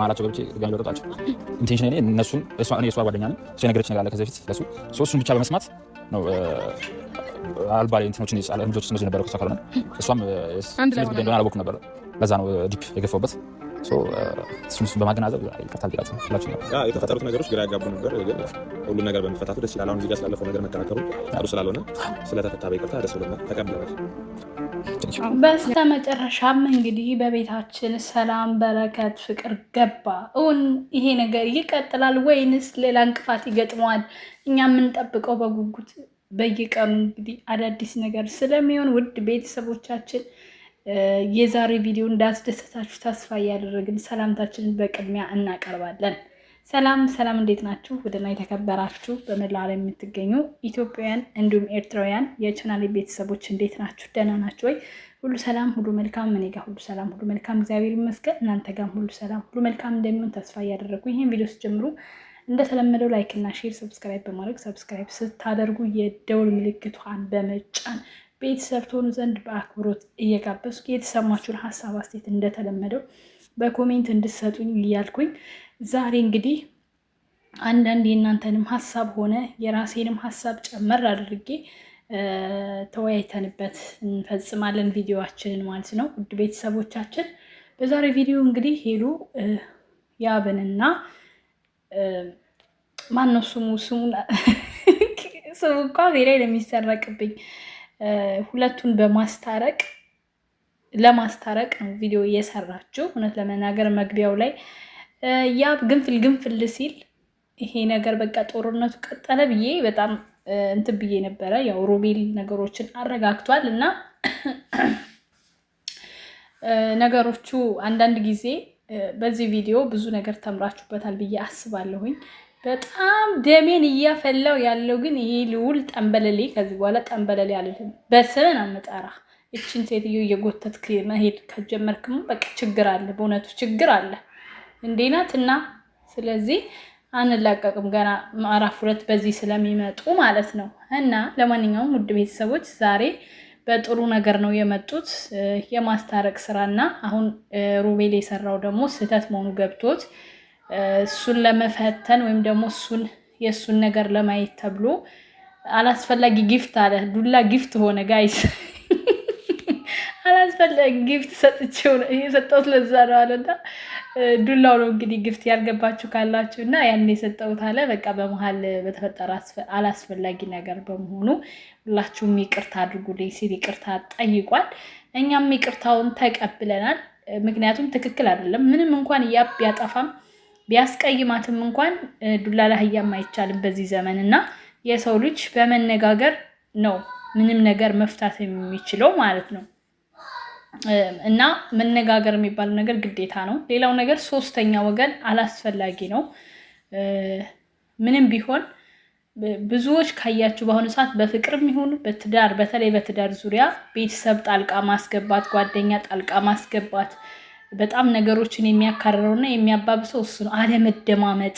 ማላቸው ገብቼ ድጋሚ ለወጣቸው ኢንቴንሽን እኔ እነሱን እኔ የሷ ጓደኛ ነኝ እሱ የነገረች ነገር አለ ከዚህ በፊት ለሱ እሱን ብቻ በመስማት ነው አልባሌ እንትኖችን እንጆች እነሱ ነበረ ከሷ ካልሆነ እሷም ስሜት ጉዳይ እንደሆነ አላወኩም ነበር። ለዛ ነው ዲፕ የገፋውበት እሱን በማገናዘብ ይቅርታ ልጠይቃችሁ ሁላችሁ የተፈጠሩት ነገሮች ግራ ያጋቡ ነበር፣ ግን ሁሉም ነገር በመፈታቱ ደስ ይላል። አሁን እዚህ ጋር ስላለፈው ነገር መከራከሩ ጥሩ ስላልሆነ ስለተፈታ በይቅርታ ደስ ብሎናል፣ ተቀብለናል። በስተ መጨረሻም እንግዲህ በቤታችን ሰላም፣ በረከት፣ ፍቅር ገባ። እውን ይሄ ነገር ይቀጥላል ወይንስ ሌላ እንቅፋት ይገጥመዋል? እኛ የምንጠብቀው በጉጉት በየቀኑ እንግዲህ አዳዲስ ነገር ስለሚሆን ውድ ቤተሰቦቻችን የዛሬ ቪዲዮ እንዳስደሰታችሁ ተስፋ እያደረግን ሰላምታችንን በቅድሚያ እናቀርባለን። ሰላም ሰላም፣ እንዴት ናችሁ? ውድና የተከበራችሁ በመላው ዓለም የምትገኙ ኢትዮጵያውያን እንዲሁም ኤርትራውያን የቻናሌ ቤተሰቦች እንዴት ናችሁ? ደህና ናችሁ ወይ? ሁሉ ሰላም፣ ሁሉ መልካም። እኔ ጋር ሁሉ ሰላም፣ ሁሉ መልካም፣ እግዚአብሔር ይመስገን። እናንተ ጋርም ሁሉ ሰላም፣ ሁሉ መልካም እንደሚሆን ተስፋ እያደረግኩ ይህን ቪዲዮ ስጀምሩ እንደተለመደው ላይክ እና ሼር፣ ሰብስክራይብ በማድረግ ሰብስክራይብ ስታደርጉ የደውል ምልክቷን በመጫን ቤተሰብ ትሆኑ ዘንድ በአክብሮት እየጋበዝኩ የተሰማችሁን ሀሳብ አስቴት እንደተለመደው በኮሜንት እንድሰጡኝ እያልኩኝ ዛሬ እንግዲህ አንዳንድ የእናንተንም ሀሳብ ሆነ የራሴንም ሀሳብ ጨመር አድርጌ ተወያይተንበት እንፈጽማለን ቪዲዮችንን ማለት ነው። ውድ ቤተሰቦቻችን በዛሬ ቪዲዮ እንግዲህ ሄሉ ያብንና ማነው ስሙ ስሙ ስሙ እንኳ ሌላ የሚሰረቅብኝ ሁለቱን በማስታረቅ ለማስታረቅ ነው ቪዲዮ እየሰራችው። እውነት ለመናገር መግቢያው ላይ ያ ግንፍል ግንፍል ሲል ይሄ ነገር በቃ ጦርነቱ ቀጠለ ብዬ በጣም እንትን ብዬ ነበረ። ያው ሮቤል ነገሮችን አረጋግቷል እና ነገሮቹ አንዳንድ ጊዜ በዚህ ቪዲዮ ብዙ ነገር ተምራችሁበታል ብዬ አስባለሁኝ። በጣም ደሜን እያፈላው ያለው ግን ይሄ ልውል ጠንበለሌ። ከዚህ በኋላ ጠንበለሌ አልልም፣ በስመ ነው እችን ሴትዮ እየጎተትክ መሄድ ከጀመርክም በቃ ችግር አለ፣ በእውነቱ ችግር አለ። እንዲህ ናት እና ስለዚህ አንላቀቅም ገና ምዕራፍ ሁለት በዚህ ስለሚመጡ ማለት ነው። እና ለማንኛውም ውድ ቤተሰቦች ዛሬ በጥሩ ነገር ነው የመጡት የማስታረቅ ስራና አሁን ሩቤል የሰራው ደግሞ ስህተት መሆኑ ገብቶት እሱን ለመፈተን ወይም ደግሞ እሱን የእሱን ነገር ለማየት ተብሎ አላስፈላጊ ጊፍት አለ። ዱላ ጊፍት ሆነ ጋይስ። አላስፈላጊ ጊፍት ሰጥቼው የሰጠሁት ለዛ ነው አለና ዱላው ነው እንግዲህ ግፍት ያልገባችሁ ካላችሁ እና ያን የሰጠሁት አለ። በቃ በመሀል በተፈጠረ አላስፈላጊ ነገር በመሆኑ ሁላችሁም ይቅርታ አድርጉልኝ ሲል ይቅርታ ጠይቋል። እኛም ይቅርታውን ተቀብለናል። ምክንያቱም ትክክል አይደለም። ምንም እንኳን ያብ ያጠፋም ቢያስቀይማትም እንኳን ዱላ ላህያም አይቻልም በዚህ ዘመን እና የሰው ልጅ በመነጋገር ነው ምንም ነገር መፍታት የሚችለው ማለት ነው። እና መነጋገር የሚባለው ነገር ግዴታ ነው። ሌላው ነገር ሶስተኛ ወገን አላስፈላጊ ነው። ምንም ቢሆን ብዙዎች ካያችሁ በአሁኑ ሰዓት በፍቅርም ይሁን በትዳር በተለይ በትዳር ዙሪያ ቤተሰብ ጣልቃ ማስገባት፣ ጓደኛ ጣልቃ ማስገባት በጣም ነገሮችን የሚያካርረውና የሚያባብሰው እሱ ነው፣ አለመደማመጥ።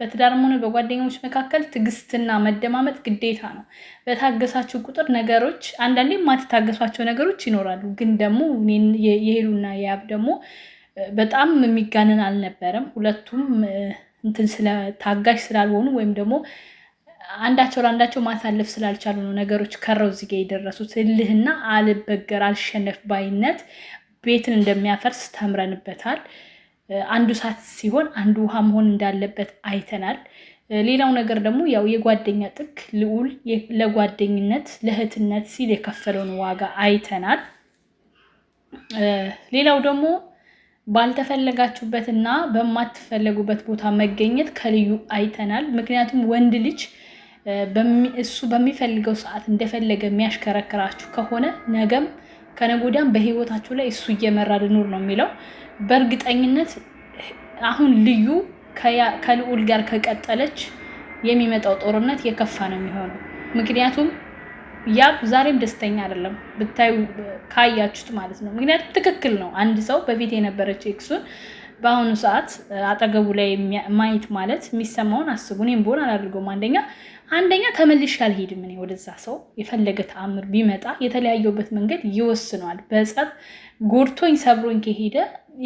በትዳርም ሆነ በጓደኞች መካከል ትዕግስትና መደማመጥ ግዴታ ነው። በታገሳችሁ ቁጥር ነገሮች አንዳንዴ የማትታገሷቸው ነገሮች ይኖራሉ። ግን ደግሞ የሄሉና የያብ ደግሞ በጣም የሚጋንን አልነበረም። ሁለቱም እንትን ስለታጋሽ ስላልሆኑ ወይም ደግሞ አንዳቸው ለአንዳቸው ማሳለፍ ስላልቻሉ ነው ነገሮች ከረው እዚህ ጋ የደረሱት። እልህና አልበገር አልሸነፍ ባይነት ቤትን እንደሚያፈርስ ተምረንበታል። አንዱ እሳት ሲሆን አንዱ ውሃ መሆን እንዳለበት አይተናል። ሌላው ነገር ደግሞ ያው የጓደኛ ጥግ ልዑል ለጓደኝነት ለእህትነት ሲል የከፈለውን ዋጋ አይተናል። ሌላው ደግሞ ባልተፈለጋችሁበትና በማትፈለጉበት ቦታ መገኘት ከልዩ አይተናል። ምክንያቱም ወንድ ልጅ እሱ በሚፈልገው ሰዓት እንደፈለገ የሚያሽከረክራችሁ ከሆነ ነገም ከነጎዳም በህይወታቸው ላይ እሱ እየመራ ልኑር ነው የሚለው። በእርግጠኝነት አሁን ልዩ ከልዑል ጋር ከቀጠለች የሚመጣው ጦርነት የከፋ ነው የሚሆነው። ምክንያቱም ያብ ዛሬም ደስተኛ አይደለም ብታዩ ካያችሁት ማለት ነው። ምክንያቱም ትክክል ነው። አንድ ሰው በፊት የነበረች ኤክሱን በአሁኑ ሰዓት አጠገቡ ላይ ማየት ማለት የሚሰማውን አስቡ። እኔም ብሆን አላደርገውም። አንደኛ አንደኛ ተመልሼ አልሄድም። እኔ ወደዛ ሰው የፈለገ ተአምር ቢመጣ የተለያየውበት መንገድ ይወስነዋል። በጸብ ጎድቶኝ ሰብሮኝ ከሄደ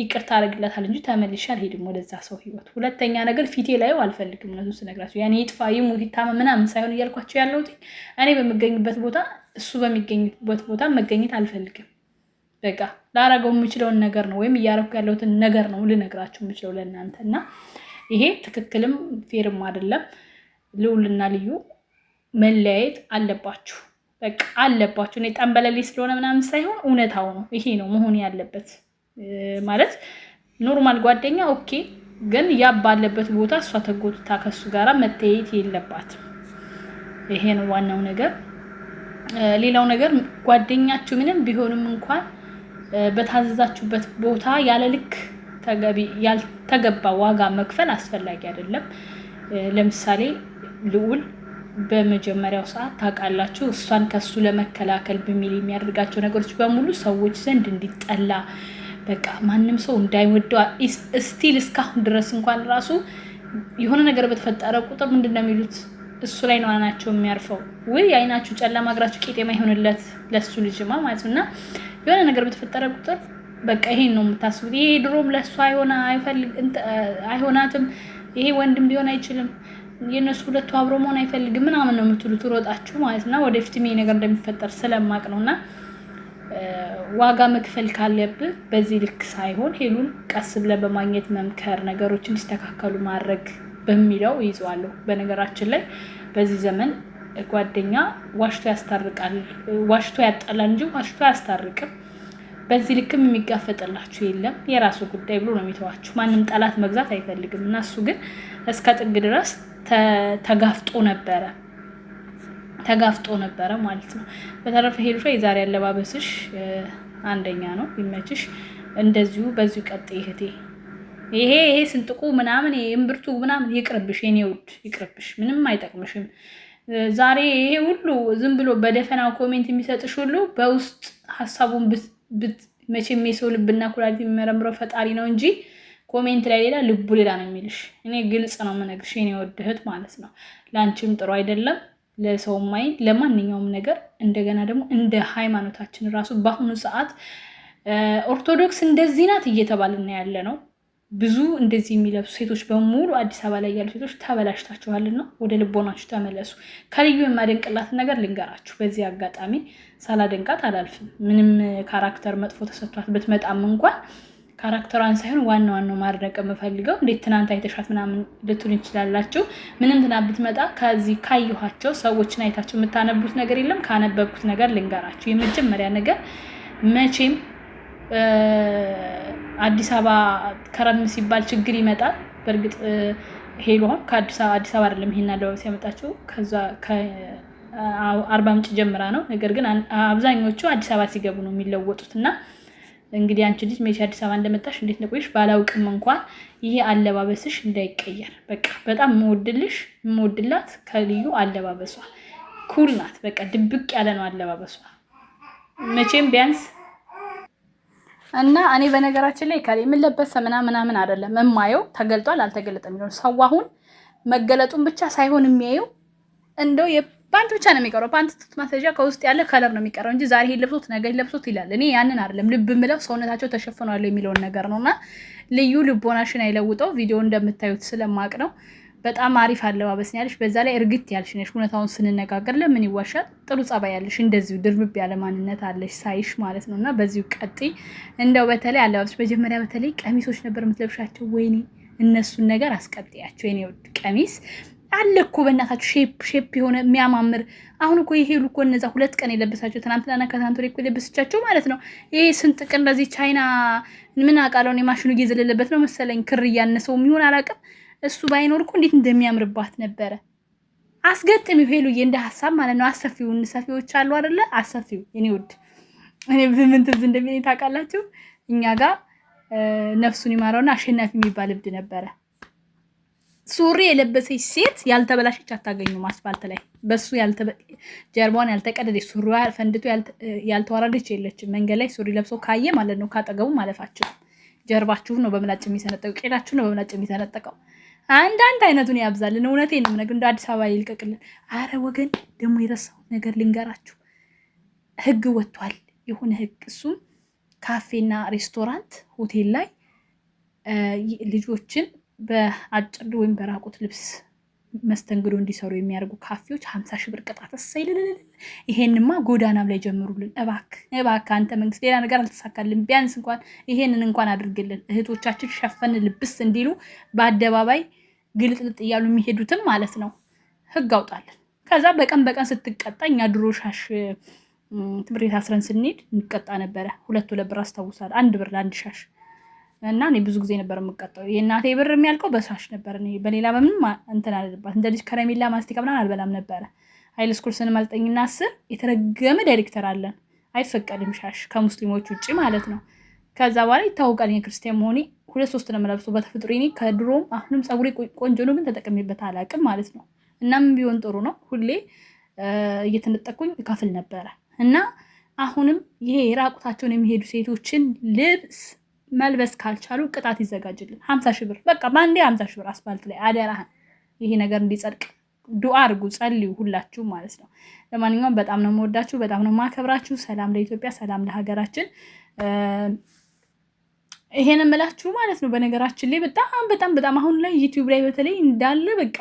ይቅርታ አደርግላታል እንጂ ተመልሼ አልሄድም ወደዛ ሰው ህይወት። ሁለተኛ ነገር ፊቴ ላይ አልፈልግም። እውነቱን ስነግራችሁ ያኔ ይጥፋ ይሙት ይታመም ምናምን ሳይሆን እያልኳቸው ያለሁት እኔ በምገኝበት ቦታ እሱ በሚገኝበት ቦታ መገኘት አልፈልግም። በቃ ላረገው የምችለውን ነገር ነው ወይም እያረኩ ያለሁትን ነገር ነው ልነግራችሁ የምችለው ለእናንተ እና ይሄ ትክክልም ፌርም አይደለም። ልውልና ልዩ መለያየት አለባችሁ። በቃ አለባችሁ። እኔ ጠንበለሌ ስለሆነ ምናምን ሳይሆን እውነታው ነው። ይሄ ነው መሆን ያለበት። ማለት ኖርማል ጓደኛ ኦኬ፣ ግን ያ ባለበት ቦታ እሷ ተጎድታ ከሱ ጋራ መተያየት የለባትም። ይሄ ነው ዋናው ነገር። ሌላው ነገር ጓደኛችሁ ምንም ቢሆንም እንኳን በታዘዛችሁበት ቦታ ያለ ልክ ያልተገባ ዋጋ መክፈል አስፈላጊ አይደለም። ለምሳሌ ልዑል በመጀመሪያው ሰዓት ታውቃላችሁ፣ እሷን ከሱ ለመከላከል በሚል የሚያደርጋቸው ነገሮች በሙሉ ሰዎች ዘንድ እንዲጠላ በቃ ማንም ሰው እንዳይወደው እስቲል እስካሁን ድረስ እንኳን ራሱ የሆነ ነገር በተፈጠረ ቁጥር ምንድን ነው የሚሉት? እሱ ላይ ነው አይናቸው የሚያርፈው። ውይ አይናችሁ ጨለማ፣ እግራችሁ ቄጤማ ይሆንለት ለሱ ልጅማ ማለት ነው እና የሆነ ነገር በተፈጠረ ቁጥር በቃ ይሄን ነው የምታስቡት። ይሄ ድሮም ለሱ አይሆናትም፣ ይሄ ወንድም ሊሆን አይችልም፣ የእነሱ ሁለቱ አብሮ መሆን አይፈልግም ምናምን ነው የምትሉት ሮጣችሁ ማለት ነው። ወደፊት ይሄ ነገር እንደሚፈጠር ስለማቅ ነው እና ዋጋ መክፈል ካለብህ በዚህ ልክ ሳይሆን ሄሉን ቀስ ብለህ በማግኘት መምከር፣ ነገሮች እንዲስተካከሉ ማድረግ በሚለው ይዘዋለሁ። በነገራችን ላይ በዚህ ዘመን ጓደኛ ዋሽቶ ያስታርቃል፣ ዋሽቶ ያጣላል እንጂ ዋሽቶ አያስታርቅም። በዚህ ልክም የሚጋፈጥላችሁ የለም። የራሱ ጉዳይ ብሎ ነው የሚተዋችሁ። ማንም ጠላት መግዛት አይፈልግም እና እሱ ግን እስከ ጥግ ድረስ ተጋፍጦ ነበረ ተጋፍጦ ነበረ ማለት ነው። በተረፈ ሄዱሻ የዛሬ አለባበስሽ አንደኛ ነው፣ ይመችሽ። እንደዚሁ በዚሁ ቀጥ ይህቴ። ይሄ ይሄ ስንጥቁ ምናምን እምብርቱ ምናምን ይቅርብሽ፣ የኔ ውድ ይቅርብሽ፣ ምንም አይጠቅምሽም። ዛሬ ይሄ ሁሉ ዝም ብሎ በደፈና ኮሜንት የሚሰጥሽ ሁሉ በውስጥ ሀሳቡን ብት መቼም የሰው ልብና ኩላሊት የሚመረምረው ፈጣሪ ነው እንጂ ኮሜንት ላይ ሌላ ልቡ ሌላ ነው የሚልሽ። እኔ ግልጽ ነው የምነግርሽ የእኔ ውድ እህት ማለት ነው። ለአንቺም ጥሩ አይደለም፣ ለሰውም አይ ለማንኛውም ነገር። እንደገና ደግሞ እንደ ሃይማኖታችን ራሱ በአሁኑ ሰዓት ኦርቶዶክስ እንደዚህ ናት ያለ ነው። ብዙ እንደዚህ የሚለብሱ ሴቶች በሙሉ አዲስ አበባ ላይ ያሉ ሴቶች ነው ወደ ልቦናችሁ ተመለሱ። ከልዩ የማደንቅላትን ነገር ልንገራችሁ። በዚህ አጋጣሚ ሳላደንቃት አላልፍም። ምንም ካራክተር መጥፎ ተሰጥቷት ብትመጣም እንኳን ካራክተሯን ሳይሆን ዋና ዋናው ማድረቅ የምፈልገው እንዴት ትናንት አይተሻት ምናምን ልትሉ ይችላላችሁ። ምንም ትናንት ብትመጣ ከዚህ ካየኋቸው ሰዎችን አይታቸው የምታነቡት ነገር የለም። ካነበብኩት ነገር ልንገራችሁ። የመጀመሪያ ነገር መቼም አዲስ አበባ ከረም ሲባል ችግር ይመጣል። በእርግጥ ሄሎ ከአዲስ አበባ አዲስ አበባ አይደለም ይሄን አለባበስ ያመጣችው ከዛ አርባ ምንጭ ጀምራ ነው። ነገር ግን አብዛኞቹ አዲስ አበባ ሲገቡ ነው የሚለወጡት። እና እንግዲህ አንቺ ልጅ መቼ አዲስ አበባ እንደመጣሽ እንዴት ነቆሽ ባላውቅም እንኳን ይሄ አለባበስሽ እንዳይቀየር፣ በቃ በጣም የምወድልሽ የምወድላት ከልዩ አለባበሷ ኩል ናት። በቃ ድብቅ ያለ ነው አለባበሷ መቼም ቢያንስ እና እኔ በነገራችን ላይ ከሌ ከላይ የምንለበሰ ምናምን አይደለም የማየው ተገልጧል አልተገለጠም የሚለው ሰው አሁን መገለጡን ብቻ ሳይሆን የሚያየው እንደው ፓንት ብቻ ነው የሚቀረው። ፓንት ጡት ማስያዣ ከውስጥ ያለ ከለር ነው የሚቀረው እንጂ ዛሬ ለብሶት ነገ ለብሶት ይላል። እኔ ያንን አይደለም ልብ ምለው ሰውነታቸው ተሸፍኗል የሚለውን ነገር ነው። እና ልዩ ልቦናሽን አይለውጠው። ቪዲዮ እንደምታዩት ስለማቅ ነው። በጣም አሪፍ አለባበስ ያለሽ፣ በዛ ላይ እርግት ያልሽ ነሽ። እውነታውን ስንነጋገር ለምን ይዋሻል? ጥሩ ጸባይ ያለሽ፣ እንደዚሁ ድርብብ ያለ ማንነት አለሽ ሳይሽ ማለት ነው። እና በዚሁ ቀጥይ። እንደው በተለይ አለባበስ መጀመሪያ በተለይ ቀሚሶች ነበር የምትለብሻቸው። ወይኔ እነሱን ነገር አስቀጥያቸው። የኔ ውድ ቀሚስ አለ እኮ በእናታቸው ሼፕ ሼፕ የሆነ የሚያማምር አሁን እኮ ይሄ እኮ እነዛ ሁለት ቀን የለበሳቸው ትናንትናና ከትናንት ወዲያ እኮ የለበሰቻቸው ማለት ነው። ይሄ ስንት ቅር እንደዚህ ቻይና ምን አውቃለሁ የማሽኑ ማሽኑ እየዘለለበት ነው መሰለኝ ክር እያነሰው የሚሆን አላውቅም። እሱ ባይኖር እኮ እንዴት እንደሚያምርባት ነበረ። አስገጥም ሄሉዬ፣ እንደ ሀሳብ ማለት ነው። አሰፊው እንሰፊዎች አሉ አይደለ? አሰፊው እኔ ውድ እኔ ምን ትዝ እንደሚለኝ ታውቃላችሁ? እኛ ጋር ነፍሱን ይማረውና አሸናፊ የሚባል እብድ ነበረ። ሱሪ የለበሰች ሴት ያልተበላሸች አታገኙም አስፋልት ላይ። በሱ ጀርባዋን ያልተቀደደች ሱሪ ፈንድቶ ያልተዋረደች የለችም። መንገድ ላይ ሱሪ ለብሶ ካየ ማለት ነው ካጠገቡ ማለፋችሁ ጀርባችሁ ነው በምላጭ የሚሰነጠቀው፣ ቄዳችሁ ነው በምላጭ የሚሰነጠቀው። አንዳንድ አይነቱን ያብዛልን። እውነቴን ነው የምነግርህ። እንደ አዲስ አበባ ይልቀቅልን። አረ ወገን ደግሞ የረሳው ነገር ልንገራችሁ። ህግ ወጥቷል፣ የሆነ ህግ። እሱም ካፌና ሬስቶራንት፣ ሆቴል ላይ ልጆችን በአጭር ወይም በራቁት ልብስ መስተንግዶ እንዲሰሩ የሚያደርጉ ካፌዎች ሀምሳ ሺህ ብር ቅጣት። እሰይ ይሄንማ ጎዳናም ላይ ጀምሩልን እባክ እባክ አንተ መንግስት። ሌላ ነገር አልተሳካልን፣ ቢያንስ እንኳን ይሄንን እንኳን አድርግልን። እህቶቻችን ሸፈን ልብስ እንዲሉ በአደባባይ ግልጥልጥ እያሉ የሚሄዱትም ማለት ነው። ህግ አውጣልን። ከዛ በቀን በቀን ስትቀጣ እኛ ድሮ ሻሽ ትምህርት ቤት አስረን ስንሄድ እንቀጣ ነበረ። ሁለት ሁለት ብር አስታውሳል። አንድ ብር ለአንድ ሻሽ እና እኔ ብዙ ጊዜ ነበር የምቀጠው። የእናቴ ብር የሚያልቀው በሻሽ ነበር። በሌላ በምንም እንትን አልባት እንደ ልጅ ከረሜላ ማስቲካ ምናምን አልበላም ነበረ። ሀይል ስኩል ስንማር ዘጠኝና አስር የተረገመ ዳይሬክተር አለን። አይፈቀድም ሻሽ ከሙስሊሞች ውጭ ማለት ነው። ከዛ በኋላ ይታወቃል የክርስቲያን መሆኔ። ሁለት ሶስት ነው የምለብሰው በተፈጥሮ ኔ ከድሮም አሁንም ፀጉሬ ቆንጆ ነው፣ ግን ተጠቅሜበት አላውቅም ማለት ነው። እናም ቢሆን ጥሩ ነው። ሁሌ እየተነጠኩኝ እከፍል ነበረ እና አሁንም ይሄ የራቁታቸውን የሚሄዱ ሴቶችን ልብስ መልበስ ካልቻሉ ቅጣት ይዘጋጅልን። ሀምሳ ሺህ ብር በቃ በአንዴ ሀምሳ ሺህ ብር አስፋልት ላይ አደራህን። ይሄ ነገር እንዲጸድቅ ዱአ አድርጉ፣ ጸልዩ ሁላችሁ ማለት ነው። ለማንኛውም በጣም ነው የምወዳችሁ፣ በጣም ነው የማከብራችሁ። ሰላም ለኢትዮጵያ፣ ሰላም ለሀገራችን። ይሄን ምላችሁ ማለት ነው። በነገራችን ላይ በጣም በጣም በጣም አሁን ላይ ዩቲዩብ ላይ በተለይ እንዳለ በቃ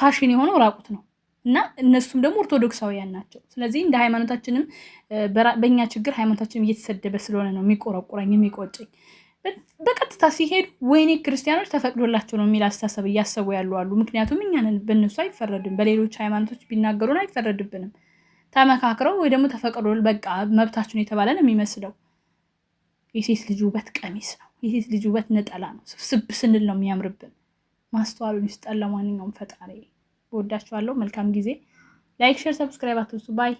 ፋሽን የሆነው ራቁት ነው። እና እነሱም ደግሞ ኦርቶዶክሳውያን ናቸው። ስለዚህ እንደ ሃይማኖታችንም በእኛ ችግር ሃይማኖታችንም እየተሰደበ ስለሆነ ነው የሚቆረቁረኝ የሚቆጨኝ። በቀጥታ ሲሄዱ ወይኔ ክርስቲያኖች ተፈቅዶላቸው ነው የሚል አስተሳሰብ እያሰቡ ያሉ አሉ። ምክንያቱም እኛንን በእነሱ አይፈረድም፣ በሌሎች ሃይማኖቶች ቢናገሩን አይፈረድብንም። ተመካክረው ወይ ደግሞ ተፈቅዶ በቃ መብታችን የተባለ ነው የሚመስለው። የሴት ልጅ ውበት ቀሚስ ነው፣ የሴት ልጅ ውበት ነጠላ ነው። ስብስብ ስንል ነው የሚያምርብን። ማስተዋሉን ይስጠን። ለማንኛውም ፈጣሪ እወዳችኋለሁ። መልካም ጊዜ። ላይክ፣ ሼር፣ ሰብስክራይብ አትርሱ። ባይ